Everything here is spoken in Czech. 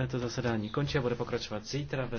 Eh, to zasedání končí a bude pokračovat zítra ve